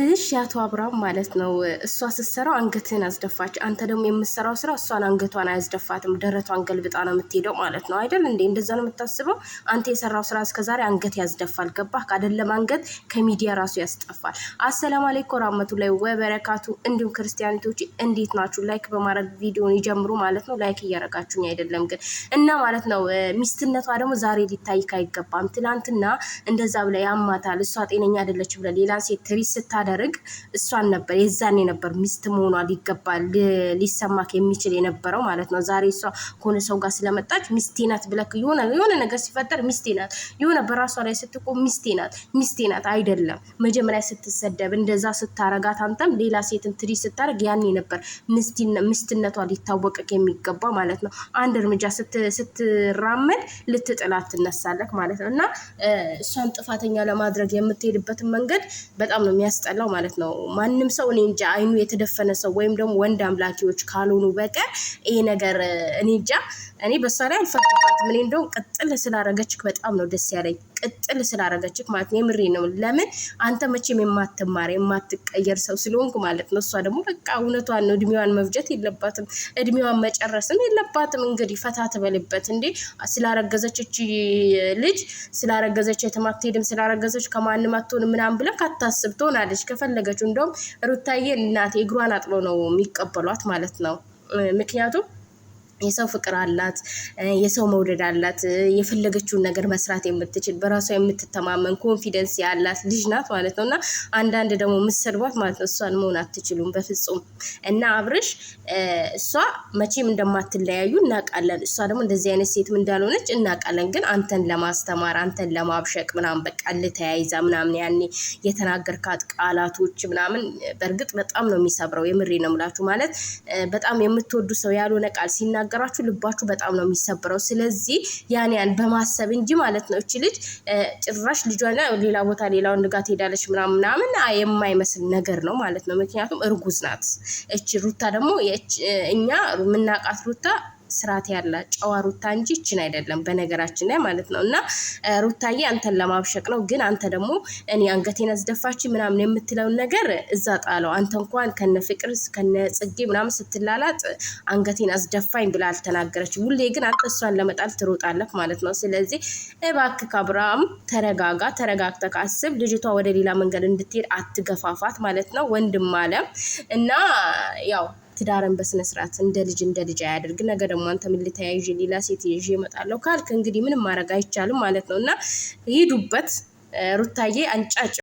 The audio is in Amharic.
እሺ አቶ አብርሃም ማለት ነው። እሷ ስትሰራው አንገትህን አስደፋች። አንተ ደግሞ የምትሰራው ስራ እሷን አንገቷን አያስደፋትም፣ ደረቷን ገልብጣ ነው የምትሄደው ማለት ነው አይደል እንዴ? እንደዛ ነው የምታስበው። አንተ የሰራው ስራ እስከዛሬ አንገት ያስደፋል። ገባህ? ካደለም አንገት ከሚዲያ ራሱ ያስጠፋል። አሰላም አለይኩም ላይ ወበረካቱ። እንዲሁም ክርስቲያኒቶች እንዴት ናችሁ? ላይክ በማድረግ ቪዲዮን ይጀምሩ ማለት ነው። ላይክ እያረጋችሁኝ አይደለም ግን እና ማለት ነው። ሚስትነቷ ደግሞ ዛሬ ሊታይክ አይገባም። ትላንትና እንደዛ ብላ ያማታል፣ እሷ ጤነኛ አይደለች ብለ ሌላ ሴት ትሪስ ስታ ስታደርግ እሷን ነበር የዛኔ ነበር ሚስት መሆኗ ሊገባል ሊሰማክ የሚችል የነበረው ማለት ነው። ዛሬ እሷ ከሆነ ሰው ጋር ስለመጣች ሚስቴ ናት ብለክ የሆነ የሆነ ነገር ሲፈጠር ሚስቴ ናት የሆነ በራሷ ላይ ስትቆም ሚስቴ ናት ሚስቴ ናት አይደለም። መጀመሪያ ስትሰደብ እንደዛ ስታረጋት አንተም ሌላ ሴትን ትሪ ስታደርግ ያኔ ነበር ምስትነቷ ሊታወቅክ የሚገባ ማለት ነው። አንድ እርምጃ ስትራመድ ልትጥላት ትነሳለክ ማለት ነው እና እሷን ጥፋተኛ ለማድረግ የምትሄድበትን መንገድ በጣም ነው የሚያስጠ የሚያስጠላው ማለት ነው። ማንም ሰው እኔ እንጃ አይኑ የተደፈነ ሰው ወይም ደግሞ ወንድ አምላኪዎች ካልሆኑ በቀር ይሄ ነገር እኔ እንጃ እኔ በሷ ላይ አልፈርድባትም። እኔ እንደውም ቅጥል ስላረገችክ በጣም ነው ደስ ያለኝ፣ ቅጥል ስላረገችክ ማለት ነው። የምሬ ነው። ለምን አንተ መቼም የማትማር የማትቀየር ሰው ስለሆንኩ ማለት ነው። እሷ ደግሞ በቃ እውነቷን ነው። እድሜዋን መፍጀት የለባትም፣ እድሜዋን መጨረስም የለባትም። እንግዲህ ፈታ ትበልበት እንዴ። ስላረገዘችች ልጅ ስላረገዘች የትም አትሄድም፣ ስላረገዘች ከማንም አትሆንም ምናምን ብለህ ካታስብ ትሆናለች ከፈለገችው። እንደውም ሩታዬ እናቴ እግሯን አጥሎ ነው የሚቀበሏት ማለት ነው ምክንያቱም የሰው ፍቅር አላት፣ የሰው መውደድ አላት፣ የፈለገችውን ነገር መስራት የምትችል በራሷ የምትተማመን ኮንፊደንስ ያላት ልጅ ናት ማለት ነው። እና አንዳንድ ደግሞ የምትሰድቧት ማለት ነው እሷን መሆን አትችሉም በፍጹም። እና አብርሽ እሷ መቼም እንደማትለያዩ እናውቃለን። እሷ ደግሞ እንደዚህ አይነት ሴትም እንዳልሆነች እናውቃለን። ግን አንተን ለማስተማር አንተን ለማብሸቅ ምናምን በቃ ልተያይዛ ምናምን ያኔ የተናገርካት ቃላቶች ምናምን በእርግጥ በጣም ነው የሚሰብረው። የምሬ ነው የምላችሁ ማለት በጣም የምትወዱ ሰው ያልሆነ ቃል ሲናገር ስነግራችሁ ልባችሁ በጣም ነው የሚሰብረው። ስለዚህ ያን ያን በማሰብ እንጂ ማለት ነው እች ልጅ ጭራሽ ልጇ ሌላ ቦታ ሌላ ወንድ ጋር ትሄዳለች ምናምን ምናምን የማይመስል ነገር ነው ማለት ነው። ምክንያቱም እርጉዝ ናት እች ሩታ ደግሞ እኛ የምናውቃት ሩታ ስርዓት ያላት ጨዋ ሩታ እንጂ ይችን አይደለም፣ በነገራችን ላይ ማለት ነው። እና ሩታዬ አንተን ለማብሸቅ ነው፣ ግን አንተ ደግሞ እኔ አንገቴን አስደፋች ምናምን የምትለውን ነገር እዛ ጣለው። አንተ እንኳን ከነ ፍቅር ከነ ጽጌ ምናምን ስትላላጥ አንገቴን አስደፋኝ ብላ አልተናገረች። ሁሌ ግን አንተ እሷን ለመጣል ትሮጣለህ ማለት ነው። ስለዚህ እባክህ አብርሃም ተረጋጋ፣ ተረጋግተ ካስብ ልጅቷ ወደ ሌላ መንገድ እንድትሄድ አትገፋፋት ማለት ነው ወንድም አለም እና ያው ትዳርን በስነስርዓት እንደ ልጅ እንደ ልጅ አያደርግ። ነገ ደግሞ አንተ ምን ልተያይዤ ሌላ ሴት ይዤ እመጣለሁ ካልክ እንግዲህ ምንም ማድረግ አይቻልም ማለት ነው እና ሂዱበት ሩታዬ አንጫጭ